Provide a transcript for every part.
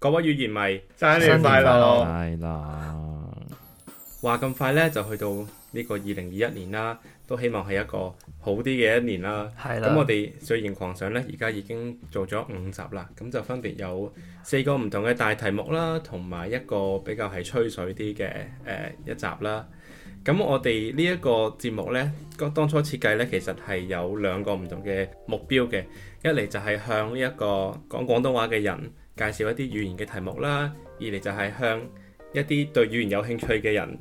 各位語言迷，新年快樂啦，話咁快呢，就去到呢個二零二一年啦，都希望係一個好啲嘅一年啦。係啦，咁 我哋絮言．狂想呢，而家已經做咗五集啦，咁就分別有四個唔同嘅大題目啦，同埋一個比較係吹水啲嘅誒一集啦。咁我哋呢一個節目呢，當初設計呢，其實係有兩個唔同嘅目標嘅，一嚟就係向呢一個講廣東話嘅人。介紹一啲語言嘅題目啦，二嚟就係向一啲對語言有興趣嘅人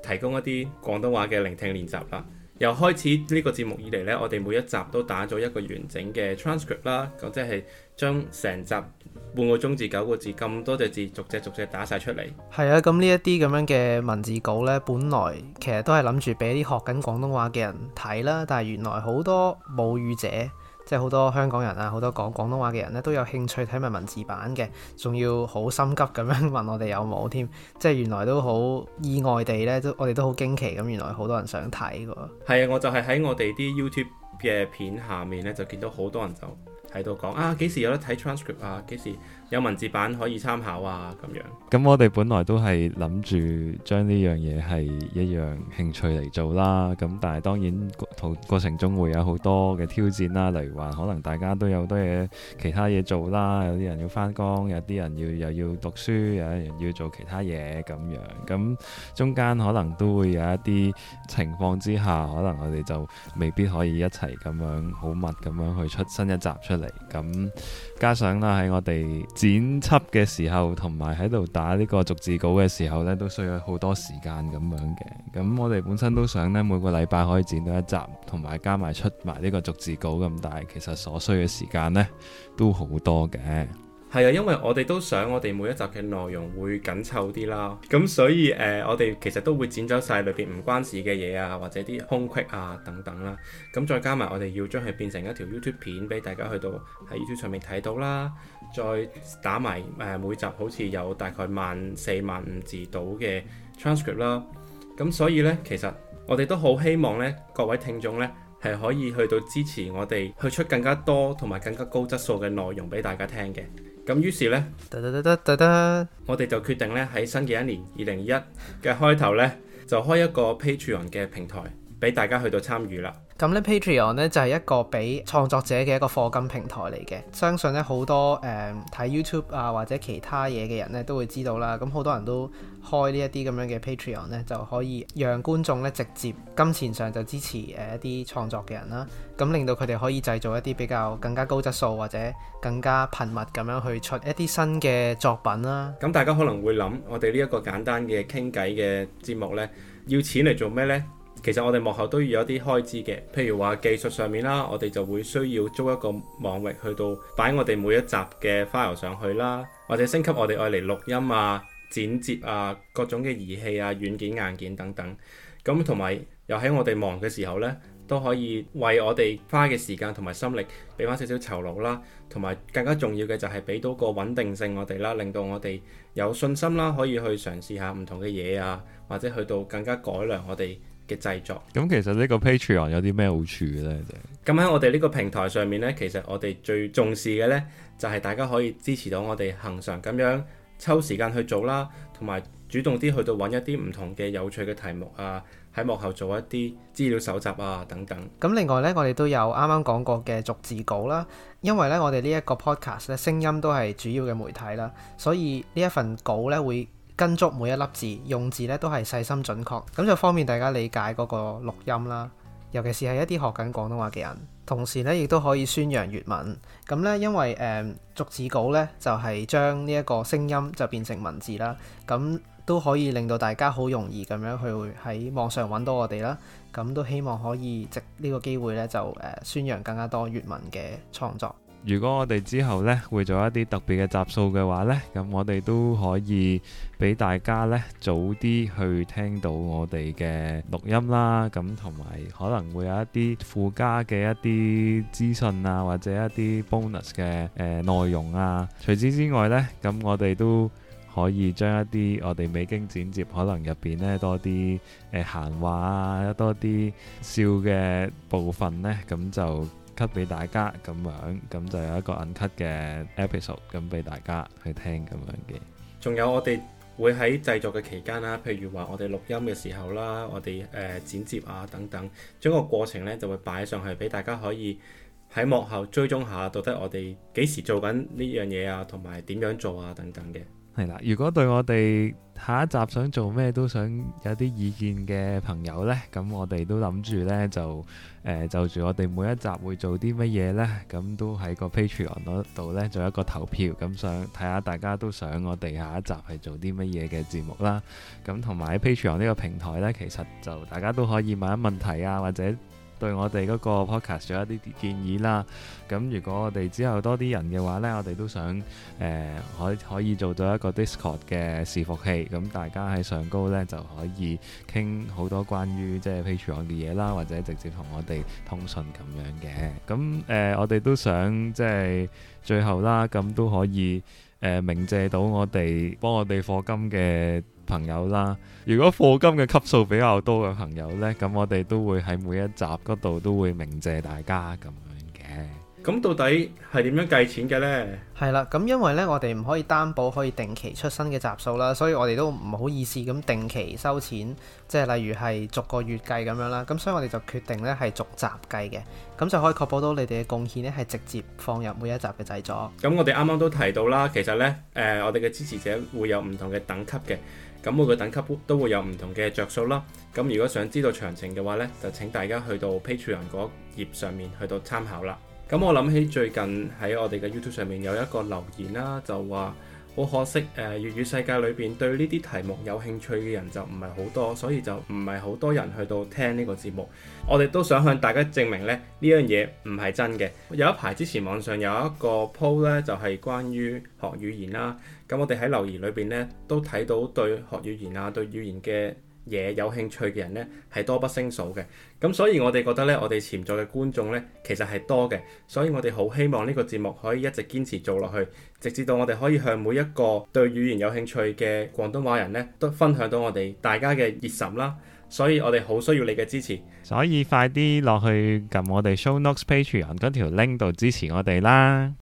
提供一啲廣東話嘅聆聽練習啦。由開始呢個節目以嚟呢，我哋每一集都打咗一個完整嘅 transcript 啦，咁即係將成集半個鐘至九個字咁多隻字逐隻逐隻打晒出嚟。係啊，咁呢一啲咁樣嘅文字稿呢，本來其實都係諗住俾啲學緊廣東話嘅人睇啦，但係原來好多母語者。即係好多香港人啊，好多講廣東話嘅人咧，都有興趣睇埋文字版嘅，仲要好心急咁樣問我哋有冇添。即係原來都好意外地咧，我都我哋都好驚奇咁，原來好多人想睇喎。係啊，我就係喺我哋啲 YouTube 嘅片下面咧，就見到好多人就喺度講啊，幾時有得睇 transcript 啊，幾時？有文字版可以參考啊，咁樣。咁我哋本來都係諗住將呢樣嘢係一樣興趣嚟做啦。咁但係當然途過程中會有好多嘅挑戰啦，例如話可能大家都有好多嘢其他嘢做啦，有啲人要翻工，有啲人要又要讀書，有啲人要做其他嘢咁樣。咁中間可能都會有一啲情況之下，可能我哋就未必可以一齊咁樣好密咁樣去出新一集出嚟。咁加上啦喺我哋剪輯嘅時候，同埋喺度打呢個逐字稿嘅時候呢，都需要好多時間咁樣嘅。咁我哋本身都想呢每個禮拜可以剪到一集，同埋加埋出埋呢個逐字稿咁，但係其實所需嘅時間呢，都好多嘅。係啊，因為我哋都想我哋每一集嘅內容會緊湊啲啦，咁所以誒、呃，我哋其實都會剪走晒裏邊唔關事嘅嘢啊，或者啲空隙啊等等啦。咁再加埋我哋要將佢變成一條 YouTube 片俾大家去到喺 YouTube 上面睇到啦，再打埋誒、呃、每集好似有大概萬四萬五字到嘅 transcript 啦。咁所以呢，其實我哋都好希望呢各位聽眾呢，係可以去到支持我哋去出更加多同埋更加高質素嘅內容俾大家聽嘅。咁於是咧，打打打打打我哋就決定咧喺新嘅一年二零二一嘅開頭咧， 就開一個 Patreon 嘅平台俾大家去到參與啦。咁咧，Patreon 咧就係，是，一個俾創作者嘅一個課金平台嚟嘅。相信咧好多誒睇，嗯、YouTube 啊或者其他嘢嘅人咧都會知道啦。咁好多人都開這這呢一啲咁樣嘅 Patreon 咧，就可以讓觀眾咧直接金錢上就支持誒一啲創作嘅人啦。咁令到佢哋可以製造一啲比較更加高質素或者更加頻密咁樣去出一啲新嘅作品啦。咁大家可能會諗，我哋呢一個簡單嘅傾偈嘅節目咧，要錢嚟做咩呢？其實我哋幕後都要有啲開支嘅，譬如話技術上面啦，我哋就會需要租一個網域去到擺我哋每一集嘅 file 上去啦，或者升級我哋愛嚟錄音啊、剪接啊各種嘅儀器啊、軟件硬件等等。咁同埋又喺我哋忙嘅時候呢，都可以為我哋花嘅時間同埋心力俾翻少少酬勞啦，同埋更加重要嘅就係俾到個穩定性我哋啦，令到我哋有信心啦，可以去嘗試下唔同嘅嘢啊，或者去到更加改良我哋嘅製作咁，其實呢個 Patreon 有啲咩好處咧？咁喺我哋呢個平台上面呢，其實我哋最重視嘅呢，就係大家可以支持到我哋恆常咁樣抽時間去做啦，同埋主動啲去到揾一啲唔同嘅有趣嘅題目啊，喺幕後做一啲資料搜集啊等等。咁另外呢，我哋都有啱啱講過嘅逐字稿啦，因為呢，我哋呢一個 podcast 咧，聲音都係主要嘅媒體啦，所以呢一份稿呢會跟足每一粒字，用字咧都係細心準確，咁就方便大家理解嗰個錄音啦。尤其是係一啲學緊廣東話嘅人，同時咧亦都可以宣揚粵文。咁咧，因為誒、嗯、逐字稿咧就係將呢一個聲音就變成文字啦，咁都可以令到大家好容易咁樣去喺網上揾到我哋啦。咁都希望可以藉呢個機會咧，就誒宣揚更加多粵文嘅創作。如果我哋之後呢會做一啲特別嘅集數嘅話呢，咁我哋都可以俾大家呢早啲去聽到我哋嘅錄音啦。咁同埋可能會有一啲附加嘅一啲資訊啊，或者一啲 bonus 嘅誒內容啊。除此之外呢，咁我哋都可以將一啲我哋未經剪接，可能入邊呢多啲誒閒話啊，多啲笑嘅部分呢，咁就。給俾大家咁樣，咁就有一個 uncut 嘅 episode 咁俾大家去聽咁樣嘅。仲有我哋會喺製作嘅期間啦，譬如話我哋錄音嘅時候啦，我哋誒剪接啊等等，將個過程呢就會擺上去俾大家可以喺幕後追蹤下，到底我哋幾時做緊呢樣嘢啊，同埋點樣做啊等等嘅。係啦，如果對我哋下一集想做咩都想有啲意見嘅朋友呢，咁我哋都諗住呢，就呃，就住我哋每一集會做啲乜嘢呢？咁都喺個 Patreon 度呢，做一個投票，咁想睇下大家都想我哋下一集係做啲乜嘢嘅節目啦。咁同埋喺 Patreon 呢個平台呢，其實就大家都可以問一問題啊，或者。對我哋嗰個誒鳴謝到我哋幫我哋課金嘅朋友啦，如果課金嘅級數比較多嘅朋友呢，咁我哋都會喺每一集嗰度都會鳴謝大家咁樣嘅。咁到底係點樣計錢嘅呢？係啦，咁因為呢，我哋唔可以擔保可以定期出新嘅集數啦，所以我哋都唔好意思咁定期收錢，即係例如係逐個月計咁樣啦。咁所以我哋就決定呢係逐集計嘅，咁就可以確保到你哋嘅貢獻呢係直接放入每一集嘅製作。咁我哋啱啱都提到啦，其實呢，誒、呃，我哋嘅支持者會有唔同嘅等級嘅，咁每個等級都會有唔同嘅着數啦。咁如果想知道詳情嘅話呢，就請大家去到 Patreon 嗰頁上面去到參考啦。咁我諗起最近喺我哋嘅 YouTube 上面有一個留言啦、啊，就話好可惜誒，粵、呃、語世界裏邊對呢啲題目有興趣嘅人就唔係好多，所以就唔係好多人去到聽呢個節目。我哋都想向大家證明呢呢樣嘢唔係真嘅。有一排之前網上有一個 po 咧，就係、是、關於學語言啦、啊。咁我哋喺留言裏邊呢，都睇到對學語言啊，對語言嘅嘢有興趣嘅人呢係多不勝數嘅。咁所以我哋覺得呢，我哋潛在嘅觀眾呢其實係多嘅。所以我哋好希望呢個節目可以一直堅持做落去，直至到我哋可以向每一個對語言有興趣嘅廣東話人呢都分享到我哋大家嘅熱心啦。所以我哋好需要你嘅支持。所以快啲落去撳我哋 Show Notes Page 嗰條 link 度支持我哋啦！